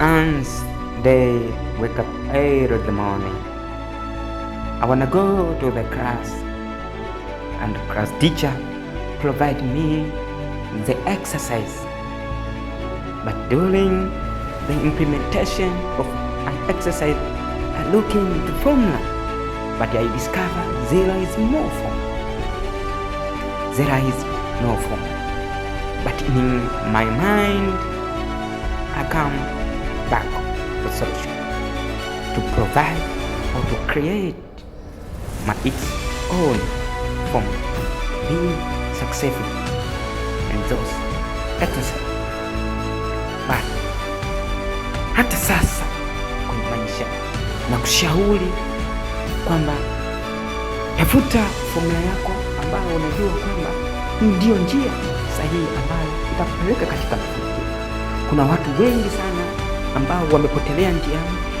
and they wake up early in the morning. I wanna go to the class, and class teacher provide me the exercise. But during the implementation of an exercise, I look the formula, but I discover there is no form. There is no form. But in my mind, I come back the solution to provide or to create my its own form being successful and those etc. But hata sasa kwenye maisha na kushauri kwamba tafuta formula yako ambayo unajua kwamba ndiyo njia sahihi ambayo itakupeleka katika mafanikio. Kuna watu wengi sana ambao wamepotelea njiani